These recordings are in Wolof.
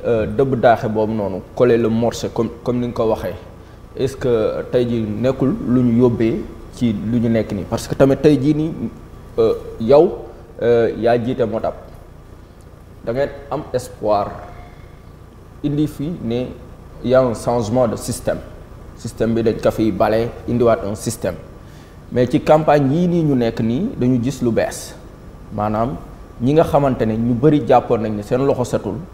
Euh, dëbb daaxe boobu noonu coller le morceau comme comme ni ko waxee est-ce que tey jii nekkul lu ñu yóbbee ci lu ñu nekk parce que tamit tey jii nii euh, yow euh, yaa jiite Motap da ngay am espoir indi fii ne y a un changement de système système bi dañ ko fiy bale indiwaat un système mais ci campagne yii nii ñu nekk nii dañu gis lu bees Manam, ñi nga xamante ne ñu bëri jàppoon nañ ne seen loxo setul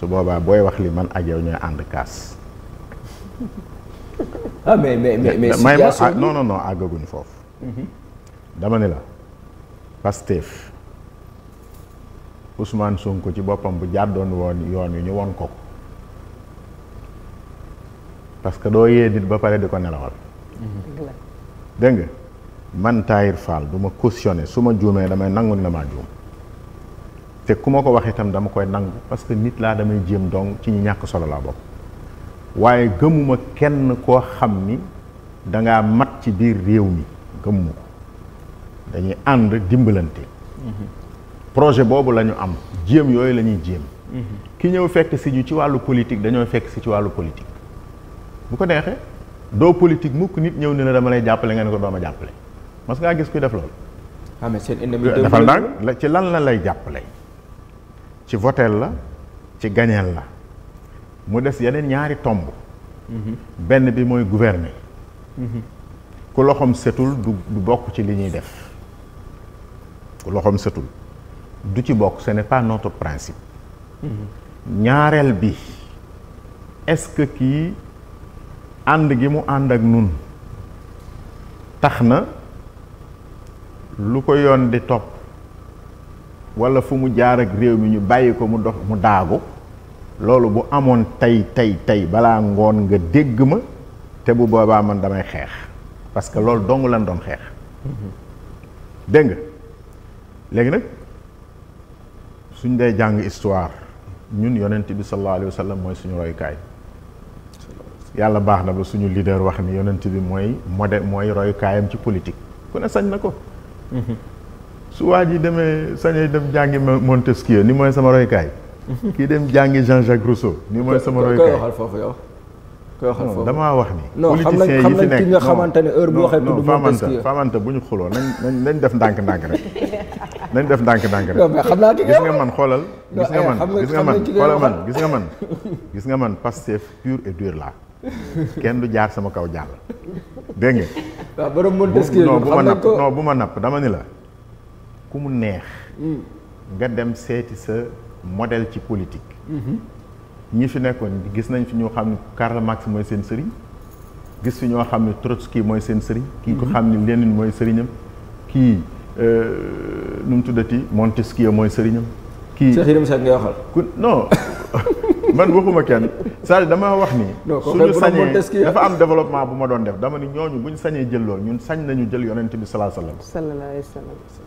su boobaa booy wax li man ak yow ah mais mais mais mais situation non non non àggaguñu foofu. dama ne la Pastef Ousmane Sonko ci boppam bu jàddoon woon yoon wi ñu won ko parce que doo yee ba pare di nelawal. dëgg man Fall damay té kuma ko wax tam dama koy nang parce que nit la damay jëm dong ci ñi ñak solo la bok waaye gëmuma kenn ko xamni da nga mat ci biir réew mi gëmmu ko dañuy ànd dimbalante projet bobu lañu ñu am jéem yooyu la ñuy -hmm. ki ñëw fekk ci ñu ci walu politique dañu fekk si ci walu politique bu ko nexé do politique mukk nit ñëw ne la dama lay jappalé nga ne ko dooma jàppale mas nga gis kuy def lool ah, ennemi loolu defal nag ci lan la lay jappalé ci voter la ci gagner la mu dess yenen ñaari tomb benn bi mooy gouverner ku loxom setul du bok ci liñuy def ku loxom setul du ci bok ce n'est pas notre principe ñaarel bi est-ce que ki ànd gi mu ànd ak nun tax lu ko di top wala fu mu jaar ak réew mi ñu bàyyi ko mu dox mu daagu loolu bu amoon tey tey tey balaa ngoon nga dégg ma te bu boobaa man damay xeex parce que loolu dong lan doon xeex dégg nga léegi nag suñ dee jàng histoire ñun yonent bi sallallahu alayhi wa sallam mooy suñu royukaay yàlla baax na ba suñu leader wax ni yonent bi mooy modèle mooy royukaayam ci politique ku ne sañ na ko su waji demé sañé dem jangé Montesquieu ni moy sama kay ki dem jangé Jean-Jacques Rousseau ni moy sama roy kay waxal wax ni politiciens yi fi nekk non nga xamante heure bu waxee tudd Montesquieu famanta bu ñu nañ nañ def ndànk-ndànk rek nañ def ndànk-ndànk rek xam naa gis nga man xoolal gis nga man gis nga man xoolal man gis nga man gis nga man pur et dur kenn du jaar sama kaw jàll dégg nga borom Montesquieu non non dama ni la ku mu neex mm. nga dem seeti sa modèle ci politique mm-hmm. ñi fi nekkoon gis nañ fi ñoo xam ne Karl Marx mooy seen sëriñ gis fi ñoo xam ne Trotsky mooy seen sëriñ kii ko mm-hmm. xam ne Lénine mooy sëriñam kii euh, nu mu tuddati Montesquieu mooy sëriñam kii Cheikh Yérim Seck ngay waxal ku non man waxuma kenn cest à dama wax ni suñu sañee dafa am développement bu ma doon def dama ni ñooñu buñ sañee jël loolu ñun sañ nañu jël yonent bi sallallahu alayhi wasallam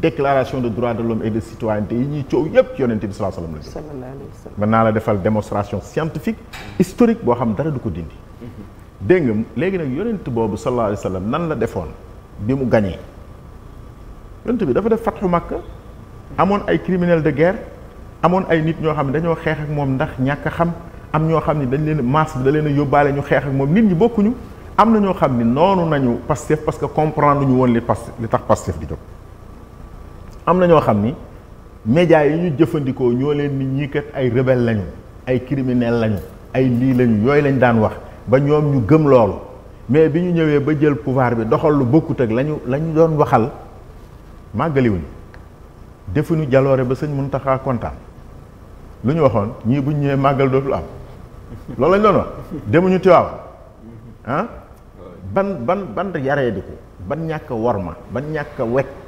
déclaration de droits de l'homme et de citoyenneté yi ñi ciow yépp yonent bi sallallahu alayhi wa sallam la mën naa la defal démonstration scientifique historique bo xam dara du ko dindi dégg nga léegi nag yonent boobu sallallahu alayhi wasallam nan la defoon bi mu gañee yonent bi dafa def fatxu Makka amoon ay criminels de guerre amoon ay nit ñoo xam ne dañoo xeex ak moom ndax ñàkk xam am ñoo xam ne dañ leen masse bi da leen a yóbbaale ñu xeex ak moom nit ñi bokkuñu am na ñoo xam ne noonu nañu Pastef parce que comprendre ñu woon li Pastef li tax Pastef di jóg am na ñoo xam ni médias yi ñu jëfandikoo ñoo leen nit ñi kat ay rebelle lañu ay criminel lañu ay lii lañu yooyu lañ daan wax ba ñoom ñu gëm loolu mais bi ñu ñëwee ba jël pouvoir bi doxal lu bokkut ak lañu lañu doon waxal màggaliwuñu defuñu jaloore ba sëñ Muntaxa lu ñu waxoon ñii bu ñëwee màggal dootul am loolu lañ wax demuñu Tiwaawan ah? ban ban ban yaree di ban ñàkk ma ban ñàkk wekk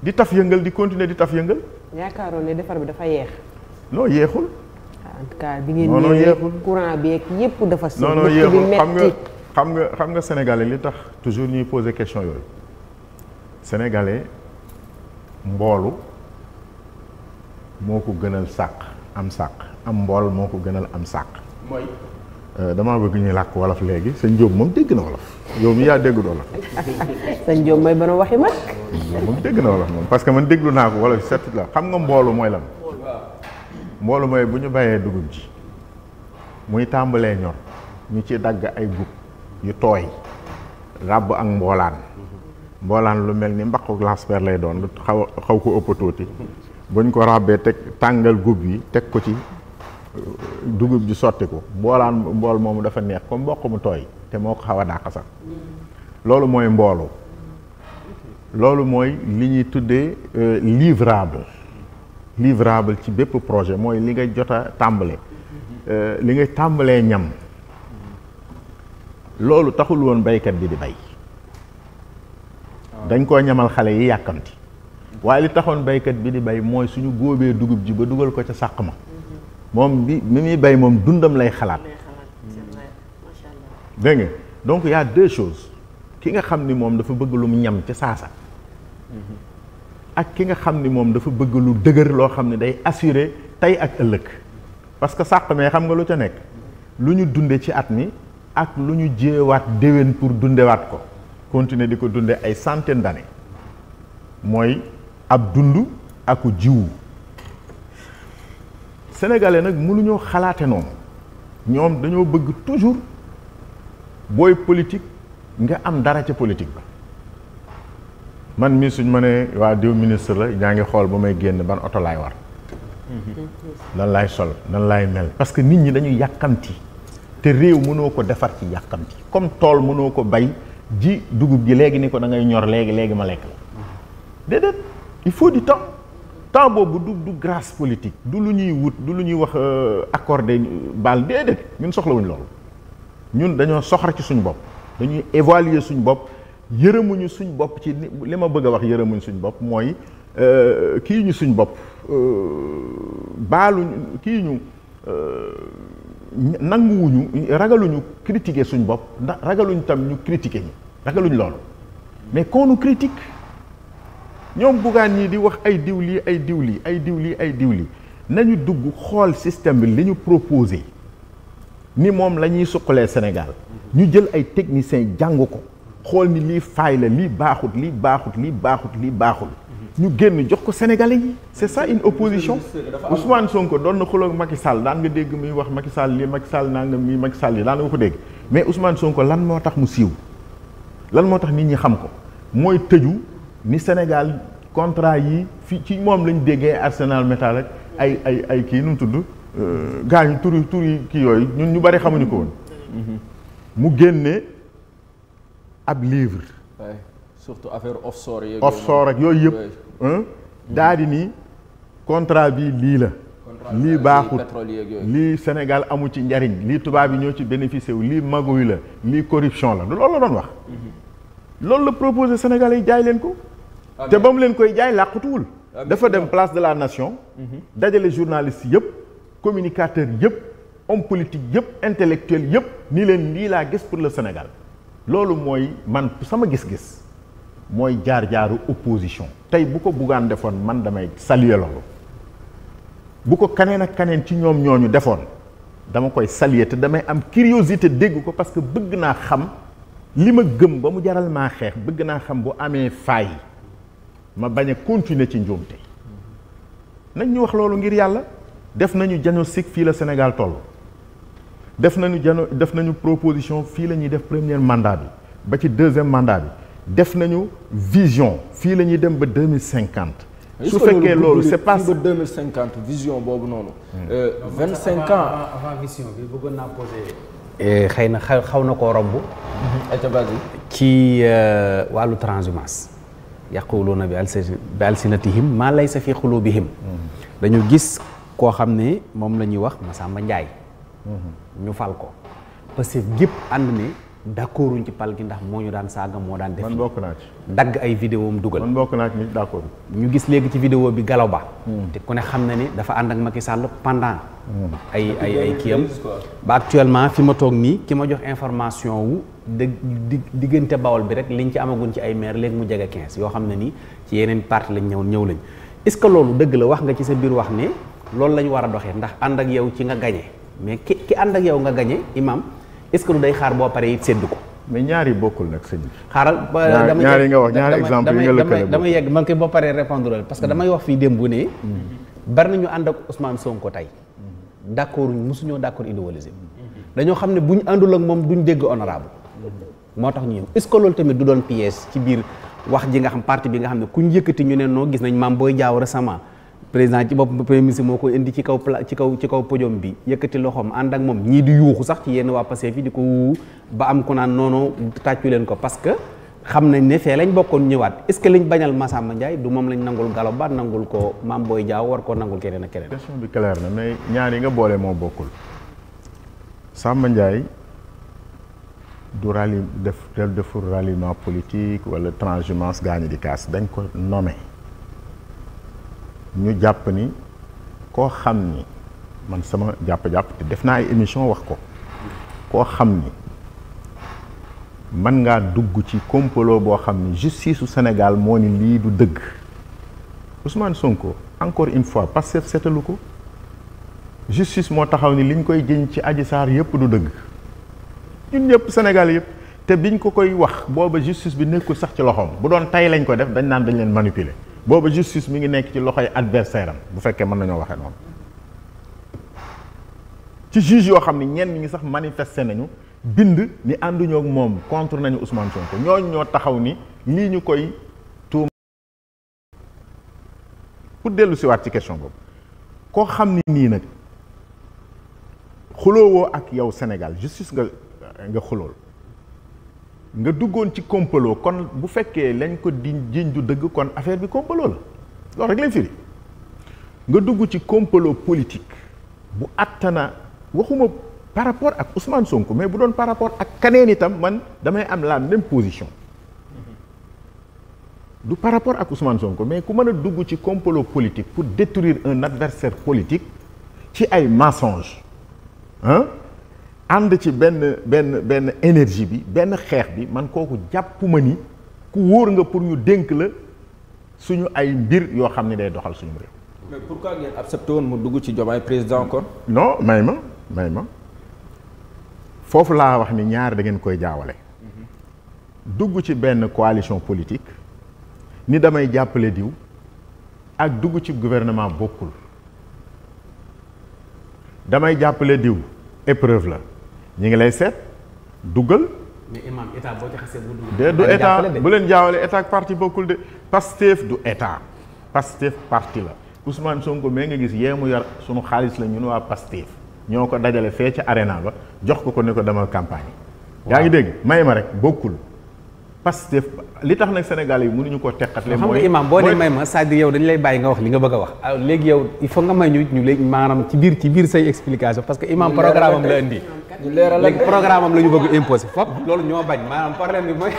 di taf yëngal di continuer di taf yëngal. yaakaaroon ne defar bi dafa yeex. non yeexul. Ah, en tout bi ngeen. non yeexul courant bi ak yëpp dafa. si dëkk bi xam nga xam nga xam nga sénégalais li tax toujours ñuy poser question yooyu sénégalais mboolu moo ko gënal sàq am sàq am mbool moo ko gënal am sàq. Euh, damaa bëgg ñuy làkk wolof léegi sëñ Diop moom dégg na wolof yow mi yaa déggul wolof. sëñ Diop mooy borom waxi mag. moom dégg na wolof moom parce que man déglu naa ko wolof set la xam nga mboolu mooy lan. mboolu mooy bu ñu bayee dugub ji muy tàmbalee ñor ñu ci dagg ay gub yu tooy ràbb ak mboolaan mboolaan lu mel ni mbaqu lasper lay doon lu xaw xaw ko ëpp tuuti buñ ko ràbbee teg tàngal gub yi teg ko ci dugub ji sotti ko mboolaan mbool moomu dafa neex ko mboq mu tooy te moo ko xaw a dàq sax loolu mooy mbooloo loolu mooy li ñuy tuddee euh, livrable livrable ci bépp projet mooy li nga jot a tàmbale euh, li nga tàmbalee ñam loolu taxul woon baykat bi di bay ah. dañ koo ñamal xale yi yàkkamti waaye li taxoon baykat bi di bay mooy suñu góobee dugub ji ba dugal ko ca sàq ma moom bi mi muy bay moom dundam lay xalaat dégg nga donc y a deux choses ki nga xam ni moom dafa bëgg lu ñam ca saasa ak ki nga xam ni moom dafa bëgg lu dëgër loo xam ne day assurer tey ak ëllëg parce que sàq xam nga lu ca nekk lu ñu dunde ci at mi ak lu ñu jéewaat déwén pour dundewaat ko continuer di ko dunde ay centaine d'années mooy ab dund aku jiw sénégalais nag mënuñoo xalaté non ñom dañoo bëgg toujours boy politique nga am dara ci politique ba man mi suñu mané wa waa diw ministre la ñangi xol bu may genn ban auto lay war lan lay sol nan lay mel parce que nit ñi dañuy yakamti té réew mëno ko défar ci yakamti comme tol mëno ko bay ji dugub gi léegi ni ko da ngay ñor légui légui ma lek la déedéet il faut du temps temps boobu du du grâce politique du lu ñuy wut du lu ñuy wax euh, accordé euh, baal déedéet ñun soxlawuñ loolu ñun dañoo soxar ci suñu bopp dañuy évaluer suñu bopp yërëmuñu suñu bopp ci li ma bëgg a wax yërëmuñu suñu bopp mooy euh, kii ñu suñ bopp baaluñu kii ñu nanguwuñu ragaluñu critiquer suñ bopp ndax ragaluñ tam ñu critiquer ñu ragaluñ loolu mais qu'on nous ñom avons ñi di wax ay diw ay avons ay ay nañu dugg système bi li ñu proposé ni mom lañuy ñuy Sénégal ñu jël ay techniciens jàng ko ni li faay la mhm. ñu génn jox ko Sénégalais yi c'est ça une opposition Ousmane Sonko don na ak Macky Sall daan nga dégg muy wax Macky Sall li Macky Sall nangam mi Macky Sall nga ko dégg mais Ousmane Sonko lan motax mu siiw lan motax nit ñi xam ko moy ni Sénégal contrat yi fi ci mom lañ déggee Arsenal métal ak ay ay ay ki ñu mu tudd gaañu tur tour yi ki yoy ñun ñu bari xamuñu ko woon. Mhm. mu génné ab livre. surtout affaire offshore yeeg. offshore ak yoy yëpp. hein daadi ni contrat bi li la. lii baaxut li Sénégal amu ci njariñ li tubaab yi ñoo ci bénéficier wu lii magouille la lii corruption la loolu la doon wax. Mhm. loolu la proposé Sénégalais yi jaay leen ko te ba mu leen la kutul place de la nation mhm. les journalistes les communicateurs hommes politiques, politiques les intellectuels, ni leen pour le Sénégal loolu moy man sama gis-gis moy jaar opposition tey bu ko buggaan man damay saluer bu ko ci ñooñu saluer am curiosité dégg parce que bëgg que xam li gëm ba mu jaral je ma bañ a continuer ci njuumte nañ ñu wax loolu ngir yàlla def nañu diagnostic fii la Sénégal toll def nañu jano def nañu proposition fii la ñuy def premier mandat bi ba ci deuxième mandat bi def nañu vision fii la ñuy dem ba 2050 su fekkee loolu c'est pas ba deux vision boobu noonu. Hmm. Euh, vingt cinq ans avant vision bi bëggoon naa poser. Eh, xëy na xaw na koo romb. ci euh, wàllu transhumance. yaquluuna bi alsinatihim lay laysa fi xulubihim dañu gis koo xam ne moom la ñuy wax Masamba Njaay ñu fal ko parce que gépp ànd ne d'accorduñ ci pal gi ndax moo ñu daan saaga moo daan def man bokk dagg ay vidéo am dugal man bokk naa ñu gis léegi ci vidéo bi Galaw Ba hmm. te ku ne xam na ne dafa ànd ak Macky Sall pendant ay ay ay kiyam ba actuellement fi ma toog nii ki ma jox information wu dëgg bawol bi rek liñ ci amagun ci ay maire léegi mu jege 15 yo xam ni ci yenen parti lañ ñew ñew lañ est-ce que lolu dëgg la wax nga ci sa biir wax ne lolu lañ wara doxé ndax ànd ak yow ci nga gañe mais ki ki ànd ak yow nga gañe imam est-ce que lu day xaar bo paree it séddu ko. mais ñaari bokkul nag sëñ bi. xaaral dama ñaari nga wax ñaari exemple yi nga lëkkale dama yegg man koy bo paree répondre parce que mm. damay wax fi dembu ne. Mm. bari nañu ànd ak Ousmane Sonko tay d' accord mosuñoo d' accord idéologie dañoo xam ne bu ñu àndul ak moom duñ dégg honorable moo tax ñu ñëw ce loolu tamit du doon pièce ci biir wax ji nga xam parti bi nga xam ne kuñ yëkkati ñu ne noo gis nañ maam booy jaaw récemment président ci bopp premier ministre moo ko indi ci kaw ci kaw ci kaw podium bi yëkkati loxoom ànd ak moom ñii di yuuxu sax ci yenn waa Pastef yi di ko wuu ba am ku naan noonu tàccu leen ko parce que xam nañ ne fee lañ bokkoon ñëwaat est-ce que liñ bañal Massamba Ndiaye du moom lañ nangul Gallo Ba nangul ko Mame Boye Diao war koo nangul keneen ak keneen. question bi claire na mais ñaar yi nga boole moo bokkul Samba Ndiaye du ralli def deful ralliement politique wala transhumance gaa ñi di kaas dañ ko nommé ñu jàpp ni koo xam ni man sama jàpp-jàpp te def naa ay émission wax ko koo xam ni. man nga dugg ci complot boo xam ne justice su Sénégal moo ni lii du dëgg Ousmane Sonko encore une fois parce que seetalu ko justice moo taxaw ni liñ koy jëñ ci Adji Sarr yëpp du dëgg ñun ñëpp Sénégal yëpp te biñ ko koy wax booba justice bi nekkul sax ci loxoom bu doon tay lañ ko def dañ naan dañ leen manipuler booba justice mi ngi nekk ci loxoy adversaire am bu fekkee mën nañoo waxee noonu ci juge yoo xam ne ñenn ñi sax manifester nañu bind ni ànduñoo moom contre nañu Ousmane Sonko ñooñu ñoo taxaw ni lii ñu koy tuum pour dellu siwaat ci question boobu koo xam ni nii nag xuloowoo ak yow senegal justice nga nga xulool nga duggoon ci complot kon bu fekkee lañ ko di jiñ du dëgg kon affaire bi complot la loolu rek lañ firi nga dugg ci complot politik bu attana waxuma par rapport à Ousmane Sonko mais bu par rapport à kaneen itam man am la même position par rapport à Ousmane Sonko mais comment nous complot politique pour détruire un adversaire politique ci un mensonge hein? ànd ci ben ben ben énergie bi ben man ku pour ñu la suñu ay mbir yo day doxal suñu mais pourquoi ngeen accepté mu président non foofu laa wax ni ñaar da ngeen koy jaawale dugg ci benn coalition politique ni damay jàppale diw ak dugg ci gouvernement bokkul damay jàppale diw épreuve la ñu ngi lay seet duggal. mais imam état boo ci xasee bu du état bu leen jaawale état ak parti bokkul de Pastef du état Pastef parti la Ousmane Sonko mee nga gis yee mu yor sunu xaalis la ñun waa Pastef ñoo ko dajale ci arena ba jox ko ko ne ko demal campagne ya ngi dégg mayma ma rek bokkul pastef li tax nak sénégal yi mënuñu ko teqatle xam moy imam bo ne mayma ma c'est yow dañ lay bay nga wax li nga bëgg a wax ah, léegi yow il faut nga may ñu ñu léegi manam ci bir ci bir say explication parce que imam programme am la indi léegi programme am la ñu bëgg imposer fop lolu ño bañ manam problème bi moy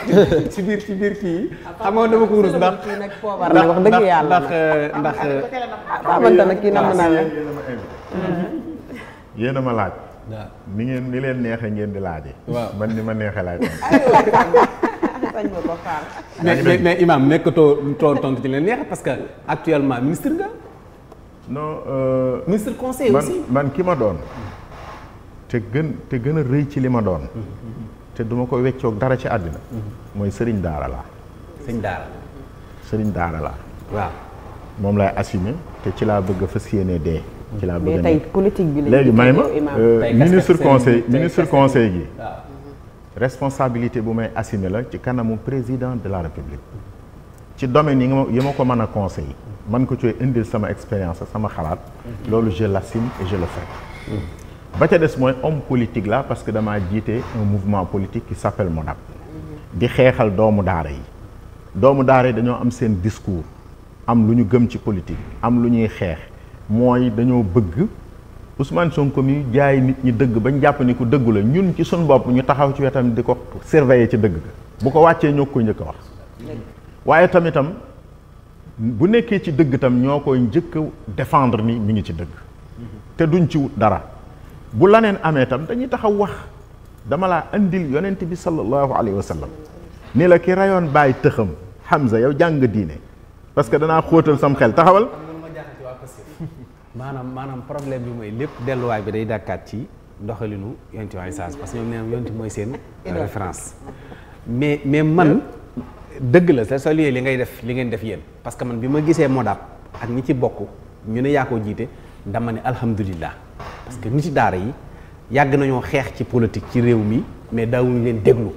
ci bir ci bir kii xamoo nga dama ko wurus ndax ndax ndax ndax eh, ndax ndax ndax ndax ndax ndax ndax yéen a ma laaj. ni ngeen ni leen neexee ngeen di laajee. waaw man ni ma neexee laaj. mais mais mais Imaam nekkatoo tontu ci leen neex parce que actuellement ministre nga. non. Euh, ministre conseil aussi man ki ma doon. te gën te gën a rëy ci li ma doon. te duma ko weccoog dara ci àddina. mooy sëriñ daara laa. sëriñ daara. sëriñ daara laa. waaw. moom laay assumer te ci laa bëgg a fas yéene dee ci laa bëgg politique bi léegi may ma euh, ministre conseil ministre conseil yi responsabilité bu may assumer la ci kanamu président de la république ci domaine yi nga ko mën conseil man ko cooy indil sama expérience sama xalaat loolu je l'assume et je le fais ba ca des mooy homme politique la parce que dama jité un mouvement politique qui s'appelle MONAP di xéxal doomu daara yi doomu daara yi dañoo am seen discours am lu ñu gëm ci politique am lu ñuy mooy dañoo bëgg Ousmane Sonko mi jaay nit ñi dëgg bañ jàpp ni ku dëggu la ñun ci suñ bopp ñu taxaw ci wetam di ko surveiller ci dëgg ga bu ko wàccee ñoo koy njëkk wax waaye tamitam bu nekkee ci dëgg tam ñoo koy njëkk defendre ni mi ngi ci dëgg te duñ ci dara bu laneen amee tam dañuy taxaw wax dama laa andil yonent bi sallallahu alayhi wa sallam ni la ki rayoon bàyyi tëxam Hamza yow jàng diine parce que danaa xóotal sam xel taxawal manam manam problème bi moy lepp delouay bi day dàkkaat ci ndoxalinu yonti waay saas parce que ñom neen yonti moy sen euh, référence mais mais man deug la sa saluer li ngay def li ngeen def yeen parce que man bima ma gisee Modab ak ñi ci bokku ñu ne ya ko jité dama ni alhamdoulillah parce que nit ci daara yi yag nañu xeex ci politique ci réew mi mais daawuñu leen déglu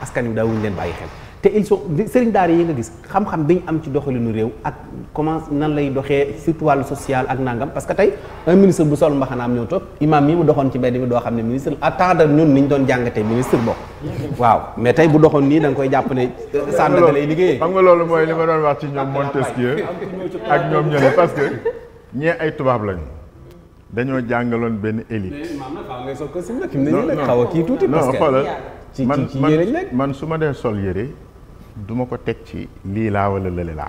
askan wi daawuñu leen bàyyi xel te il sont sëriñ daara yi nga gis xam-xam bi ñu am ci doxalinu réew ak commence nan lay doxee surtout wàllu social ak nangam parce que tey un ministre bu sol mbaxanaam ñëw toog imam yi bu doxoon ci mbedd mi doo xam ne ministre attendre ñun niñ doon jàngatee ministre bokk waaw mais tey bu doxoon nii da nga koy jàpp ne sànq euh, da nga loolu mooy li ma doon wax ci ñoom parce que ñee ay tubaab lañu dañoo jàngaloon benn élite xaw a kii tuuti parce que man man su ma dee sol yére duma ko teg ci lii laa wala lële laa.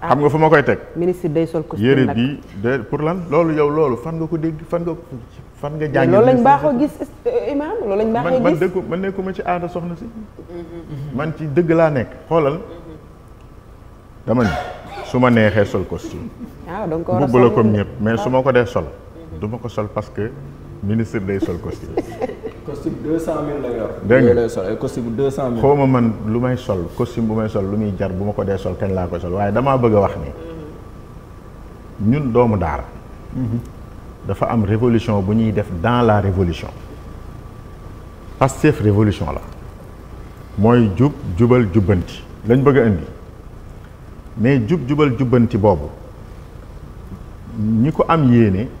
Ah, xam nga fu ma koy teg. Ah, ministre day sol costume yére bi de pour lan loolu yow loolu fan nga ko dégg fan nga fan nga. jàngee euh, loolu lañ baaxoo gis imaam man dëkku man nekkuma ci aada soxna si. Mm-hmm. man ci dëgg laa nekk xoolal mm-hmm. dama ni su ma neexee sol costume. waaw ah, donc mbubb la comme ñëpp mais su ma ko dee sol. Mm-hmm. du ko sol parce ministre day sol costume. costume dégg nga lay sol ay costume 200000. xaw ma man lu may sol costume bu may sol lu muy jar bu ma ko dee sol kañ laa ko sol waaye damaa bëgg a wax ni ñun doomu daara. Mhm. dafa am révolution bu ñuy def dans la révolution. Pastef révolution la. mooy jub jubal jubbanti. lañ bëgg a indi mais jub jubal jubbanti boobu ñi ko am yéene.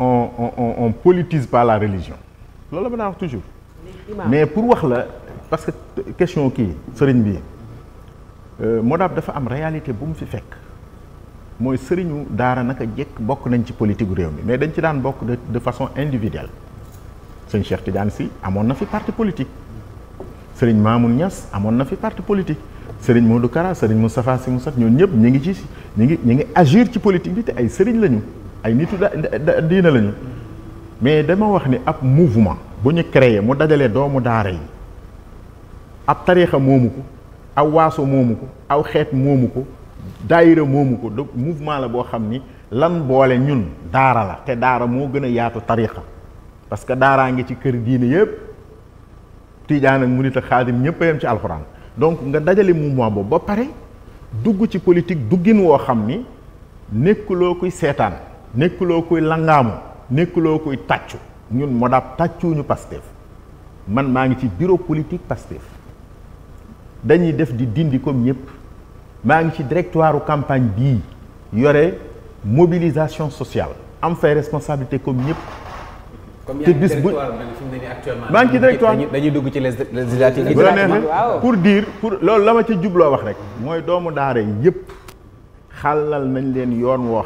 on on on politise pas la religion loolu la ma wax toujours. mais pour wax la parce que question kii sëriñ bi euh, Modab dafa am réalité bu mu fi Moi, mooy sëriñu dara naka jekk bok nañ ci politique réew mi mais dañ ci daan bok de de façon individuelle sëñ Cheikh Tidiane si amoon na fi parti politique sëriñ Mamoun Niass amoon na fi parti politique. sëriñ Modou Kara sëriñ mustapha Sy Moustapha ñoom ñëpp ñu ngi ci ñi ngi ñu ngi agir ci politique bi te ay sëriñ lañu. ay nitu da diina lañu mais dama wax ni ab mouvement bu ñu créé mu dajale doomu daara yi ab tariixa moomu ko aw waaso moomu ko aw xeet moomu ko daayira moomu ko donc mouvement la boo xam ni lan boole ñun daara la te daara moo gën a yaatu tariixa parce que daaraa ngi ci kër diine yëpp tiijaan ak murit ak xaadim ñëpp a ci alxuraan donc nga dajale mouvement boobu ba pare dugg ci politique duggin woo xam ni nekkuloo kuy seetaan nekkuloo kuy langaamu de kuy tatchu ñun moo tatchu ñu Pastef man maa ngi ci bureau politique Pastef dañuy def di dindi comme ñep maa ngi ci directoire campagne bi yore mobilisation sociale am fait responsabilité comme ñëpp. te bis bu maa de directoire dañuy dugg ci législative pour dire pour la ci wax rek moy doomu daara xalal nañ leen yoon woo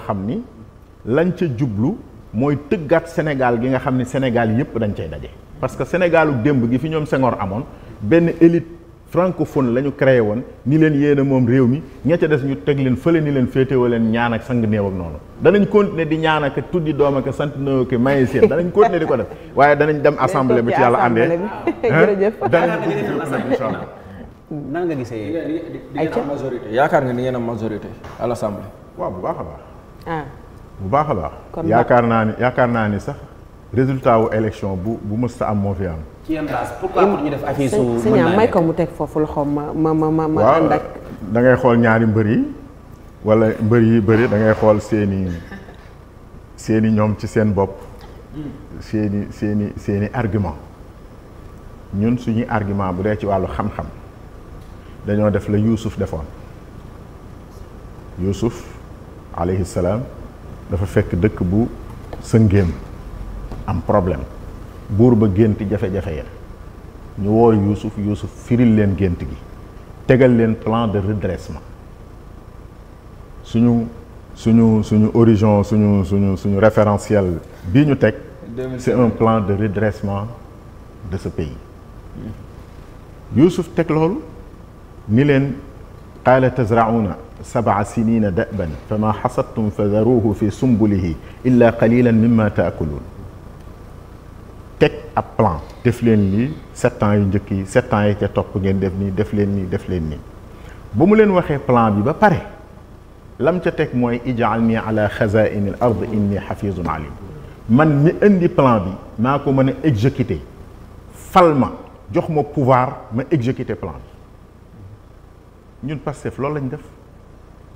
lañ ca jublu mooy tëggaat Sénégal gi nga xam ne Sénégal yëpp dañ cay daje. parce que Sénégalu démb gi fi ñoom Senghor amoon benn élite francophone la ñu créé woon ni leen yéen a moom réew mi ña ca des ñu teg leen fële ni leen féetewoo leen ñaan ak sang néew noonu. danañ continuer di ñaan ak tuddi doom ak sant néew ak maye seen danañ continuer di ko def waaye danañ dem assemblée bi ci yàlla àndee jërëjëf nan nga gisee ay yaakaar nga ni ngeen am majorité à a baax ah. bu baax a baax. yaakaar naa ni yaakaar naa ni sax résultat wu élection bu bu mës a am moo fi am. ci yan daas pourquoi ñu def affiche su mën naa may ko mu teg foofu loxoom ma ma ma ma ànd ak. da ngay xool ñaari mbër yi wala mbër yi bëri da ngay xool seeni seeni ñoom ci seen bopp seeni seeni seeni argument ñun suñuy argument bu dee ci wàllu xam-xam dañoo def la Yuusuf defoon Yuusuf alayhi salaam. dafa fekk dëkk bu sëngéem am problème buur ba gént jafe-jafe ya ñu woo yuusuf yuusuf firil leen gént gi tegal leen plan de redressement suñu suñu suñu origine suñu suñu suñu référentiel bii ñu teg c'est un plan de redressement de ce pays yuusuf teg loolu ni leen qaala tazrauna سبع سنين دأبا فما حصدتم فذروه في سنبله إلا قليلا مما تأكلون تك أبلان دفلين لي ستان يجكي ستان يكي توب جين دفني دفلين لي دفلين لي بملين وخي بلان بي بباري لم تتك موي إجعلني على خزائن الأرض إني حفيظ عليم من عندي بلان بي ماكو من إجكيتي فالما جوخ مو بوفار ما إجكيتي بلان بي ñun passef lolou lañ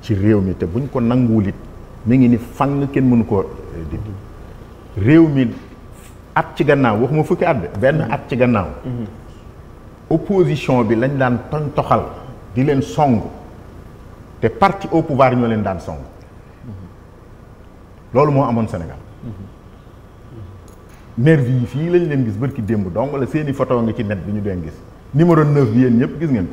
ci réew mi te buñ ko it mi ngi ni fang kenn mënu koo eh, dindi réew mi at ci gannaaw waxuma fukki at de benn at ci gannaaw mm-hmm. opposition bi lañ daan tontoxal di leen song te parti au pouvoir ñoo leen daan song mm-hmm. loolu moo amoon senegal mm-hmm. nervi yi fii lañ leen gis ki démb donc la seeni foto nga ci net bi ñu doon gis numéro 9 bi yéen ñëpp gis ngeen ko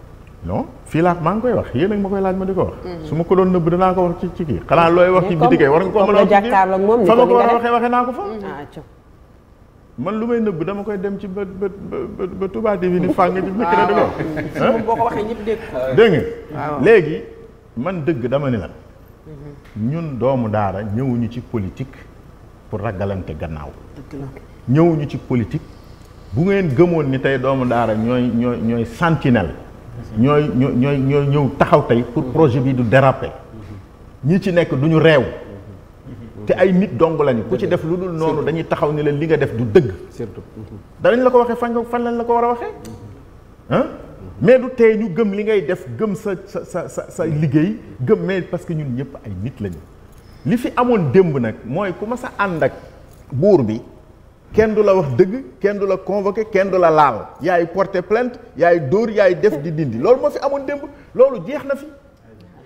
non fii laa maa ngi koy wax yéen ak ma koy laaj ma di ko wax. Mhm. su ma ko doon nëbb danaa ko wax ci ci kii. xanaa looy wax ci biti kay war nga ko mën a wax ci kii fa ma ko war a naa ko fa. Mhm. Ah, man lu may nëbb dama koy dem ci ba ba ba ba Touba TV ni fàng ci di lool. ko waxee léegi man dëgg dama ni la. Mhm. ñun doomu daara ñëwuñu ci politique pour ragalante gannaaw. ñëwuñu ci politique bu ngeen gëmoon ni tey doomu daara ñooy ñooy ñooy santinel ñooy ñooy ñooy ñëw taxaw tey pour projet bi du déraper ñi ci nekk du ñu réew te ay nit dong lañu ku ci def lu dul noonu dañuy taxaw ni la li nga def du dëgg danañ la ko waxee fan fan lañ la ko war a waxee mais du tee ñu gëm li ngay def gëm sa sa sa sa sa liggéey gëm mais parce que ñun ñëpp ay nit lañu li fi amoon démb nag mooy ku sa ànd ak buur bi kenn du la wax dëgg kenn du la convoqué kenn du la laal yaay porté plainte yaay dóor yaay def di dindi loolu moo fi amoon démb loolu jeex na fi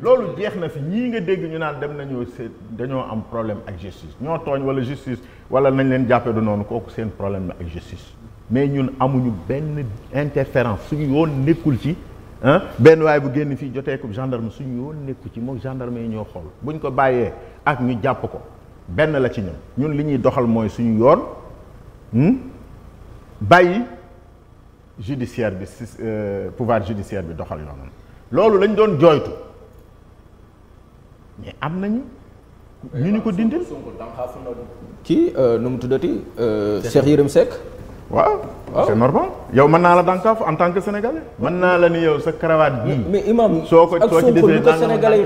loolu jeex na fi ñii nga dégg ñu naan dem nañoo seet dañoo am problème ak justice ñoo tooñ wala justice wala nañ leen jàppee du noonu kooku seen problème ak justice mais ñun amuñu benn interférence suñu yoon nekkul ci ah benn waay bu génn fii joteeku gendarme suñu yoon nekku ci moom gendarme yi ñoo xool buñ ko bàyyee ak ñu jàpp ko benn la ci ñoom ñun li ñuy doxal mooy suñu yoon Hmm? judiciaire euh, pouvoir judiciaire bi doxal C'est lolou lañ doon joytu mais am nañu. ñu ñu ko dindil euh num euh Cheikh yirim waaw c'est normal yow la dankaf en tant que sénégalais. na la ni sa cravate mais imam sénégalais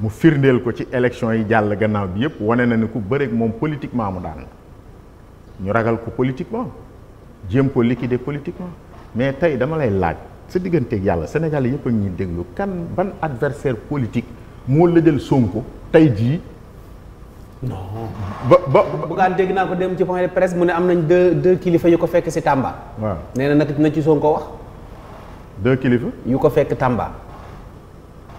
mu firndel ko ci election yi jall gannaaw bi yep woné na ni ku bëreeg mom politiquement mu daan ñu ragal ko politiquement jëm ko liquider politiquement mais tay dama lay laaj sa digganteeg yàlla sénégalais yépp ñi déglu kan ban adversaire politique moo del sonko tay ji non bu ba bugaan dégg naa ko dem ci point de presse mu ne am nañ deux deux kilifa yu ko fekk ci tamba waaw nee na ci sonko wax deux kilifa yu ko fekk tamba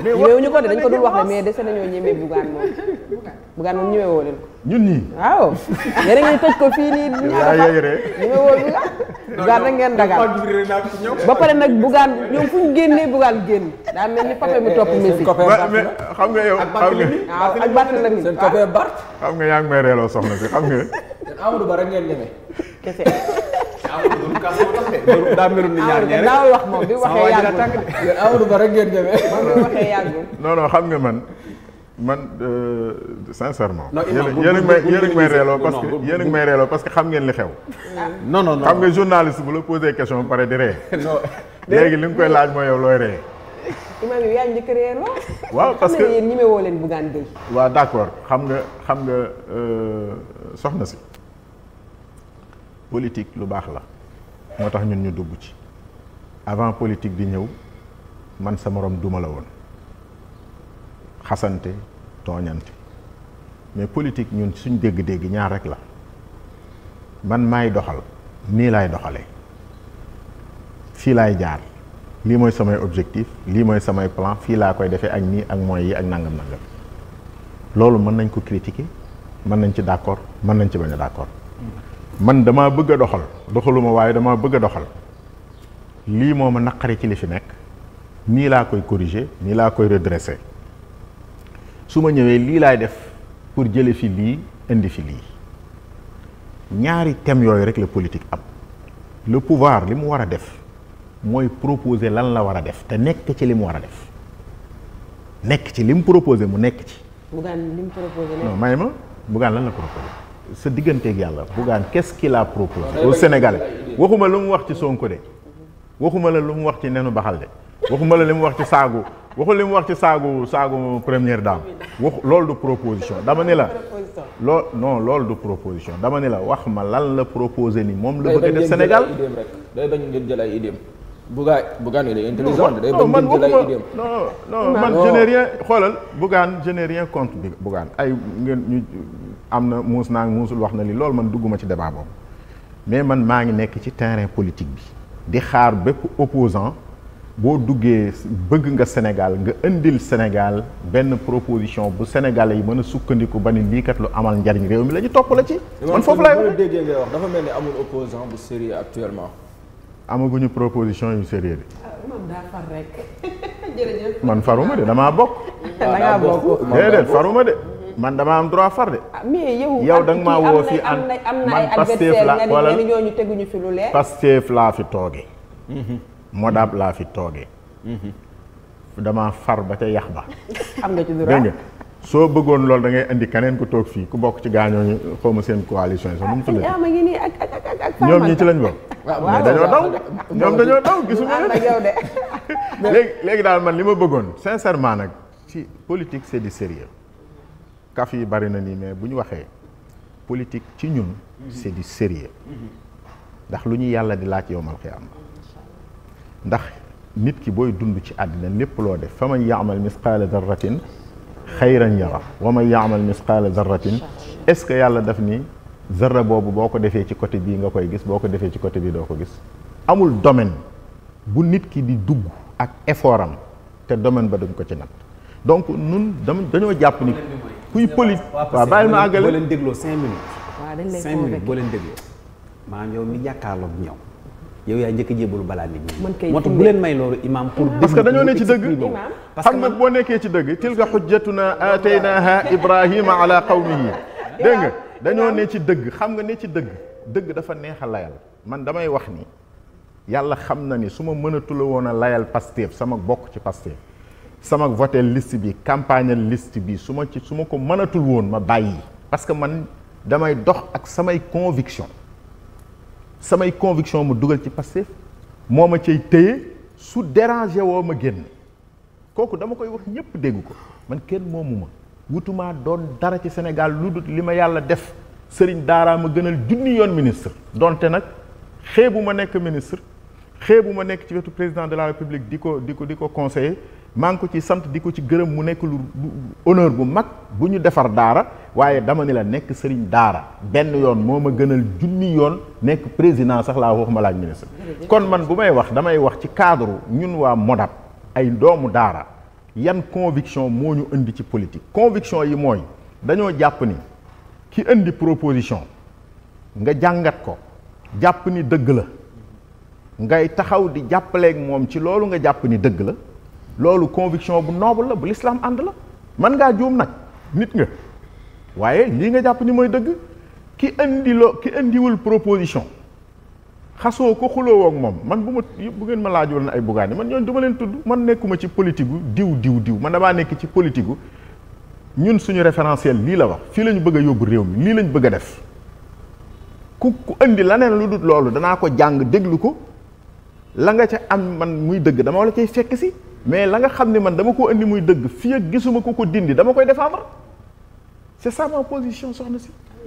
mais ñu ko de dañ ko dul wax ne mais dese nañoo ñemee bugaan moom. bugaan moom ñemewoo leen ko. ñun ñii waaw. yéen a ngi toj ko fii nii. ñaar ñemewoo bugaan. bugaan rek ngeen dagal ba pare nag bugaan ñoom fu ñu génnee bugaan génn. daa mel ni pape bi topp eh, eh, Messi. mais xam nga yow. xam nga waaw ah, ak Bart la mi seen copain Bart. xam nga yaa ngi may reeloo soxna si xam nga. Amadou Ba rek ngeen daa xam nga man man euh, sincèrement yéen a may yéen a may reeloo parce que yéen a que xam ngeen li xew ah. non non non xam nga journaliste bu la posé question pare di ree léegi li nga koy laaj mooy yow looy ree waaw parce que yéen ñi leen buggaan gay waaw d'accord xam nga xam nga euh, soxna si politique lu bax la motax ñun avant politique di man sa morom duma la mais politique ñun suñ dégg-dégg ñaar la man may doxal ni lay doxalee fi lay jaar li moy samay objectif li plan fi à koy ak ni ak moy yi ak nangam-nangam lolu nañ ko critiquer d'accord man nañ d'accord man damaa bëgg a doxal doxaluma waaye damaa bëgg a doxal lii moo ma naqare ci li fi nekk nii laa koy corriger nii laa koy redresser su ma ñëwee lii laay def pour jële fi lii indi fi lii ñaari thèmes yooyu rek la politique ab le pouvoir li mu war a def mooy proposer lan la war a def te nekk ci li mu war a def nekk ci li mu proposer mu nekk ci. Bougane li mu proposer. may ma Bougane lan la proposer. sa ak yalla Bougane qu'est-ce qu'il a proposé au Sénégalais waxuma lu mu wax ci Sonko de waxuma la lu mu wax ci nenu baxal de waxuma la lu mu wax ci saagu waxu lu mu wax ci saagu saagu première dame wax lool du proposition dama ni la lool non lool du proposition dama ni la wax ma lan la proposer ni mom la bëgg def Sénégal day bañ ngeen jël ay idem Bougane Bougane il est intelligent day bañ ngeen jël ay idem non non man je n'ai rien xolal Bougane je n'ai rien contre Bougane ay ngeen ñu amna na muus naa wax na li lol man duguma ci débat bob mais man ma ngi nek ci terrain politique bi di xaar bépp opposant bo duggee bëgg nga Sénégal nga ëndil Sénégal benn proposition bu Sénégalais yi mën sukkandiku ba ni kat lu amal njariñ réew mi lañu top la ci. man fofu laay wax déggee nga wax dafa melni amul opposant bu sérieux actuellement. amaguñu proposition yu sérieux de. ah man daa far rek. jërëjëf. man faruma de dama bok da nga bok déedéet faruma de. man dama am droit far de. Ah, yow da nga maa woo fii an man Pastef la wala ñooñu teguñu fi lu leer. Pastef laa fi toogee. Mhm. Modab laa fi toogee. Mhm. dama far ba ca yax ba. am nga ci soo bëggoon loolu da ngay indi keneen ku toog fii ku bokk ci gaañoo ñu xaw seen coalition yi sax nu mu tudd. ah, ah ñoom ñii ci lañ bokk. waaw dañoo daw ñoom dañoo daw gisuma leen léegi léegi daal man li ma bëggoon sincèrement nag ci politique c'est du sérieux kafi bari na nii mais bu ñu politique ci ñun c'est du sérieux ndax lu ñu yàlla di laaj yowmal xiyaama ndax nit ki booy dund ci àddina lépp loo def fa man yaamal misqaala darratin xayran yara wa man yaamal misqaala darratin est ce que yàlla daf ni zarra boobu boo ko ci côté bii nga koy gis boo ko ci côté bii doo ko gis amul domaine bu nit ki di dugg ak effort te domaine ba dañ ko ci natt donc nun dañoo jàpp ni kuy poli. waaw bàyyi ma àggale boo leen dégloo cinq minutes. waaw dañ lay cinq minutes boo leen dégloo. maanaam yow mi jàkkaarloog ñëw. yow yaa njëkk a lu balaa nit ñi. moo tax bu leen may loolu imaam pour. parce que dañoo ne ci dëgg. xam nga boo nekkee ci dëgg. tilka xujjatuna aataynaaha Ibrahima ala qawmihi. dégg nga dañoo ne ci dëgg xam nga ne ci dëgg. dëgg dafa neex a layal man damay wax ni yàlla xam na ni su ma mënatula woon a layal Pastef sama bokk ci Pastef sama voté liste bi campagne liste bi suma ma ci su ko manatul won ma bàyyi parce que man damay dox ak samay conviction samay conviction mu dugal ci Pastef moma ma cay téye su dérangé woo ma génn kooku dama koy wax ñëpp dégg ko man kenn momuma wutuma don dara ci Sénégal lu li ma def sëriñ dara ma gënal junni yoon ministre donte nak xébuma nek ministre xébuma nek ci wetu président de la république dico dico dico conseiller maa ngi ko ci sant di ko ci gërëm mu nekk lu honneur bu mag bu ñu defar daara waaye dama ni la nekk sëriñ daara benn yoon moo ma gënal junni yoon nekk président sax laa waxuma laaj ministre kon man bu may wax damay wax ci cadre ñun waa modab ay doomu daara yan conviction moo ñu indi ci politique conviction yi mooy dañoo jàpp ni ki indi proposition nga jàngat ko jàpp ni dëgg la ngay taxaw di jàppaleeg moom ci loolu nga jàpp ni dëgg la lolu conviction bu noble la bu l'islam and la man nga juum nag nit nga waye nga japp ni moy deug ki indi lo? ki wul proposition xasoo ko xuloo wok mom. man buma bu ngeen ma na ay bugaani man ñooñu du len leen man nekuma ci politique diw diw diw man dama nek ci politique ñun suñu référentiel li la wax fi lañu bëgg mi li lañu bëgg def ku ku indi leneen lu dul loolu ko ko la nga ca am man muy dëgg dama wala cay fekk si mais la nga xam ne man dama ko indi muy dëgg fii ak gisuma ko ko dindi dama koy défendre c'est ça ma position soxna si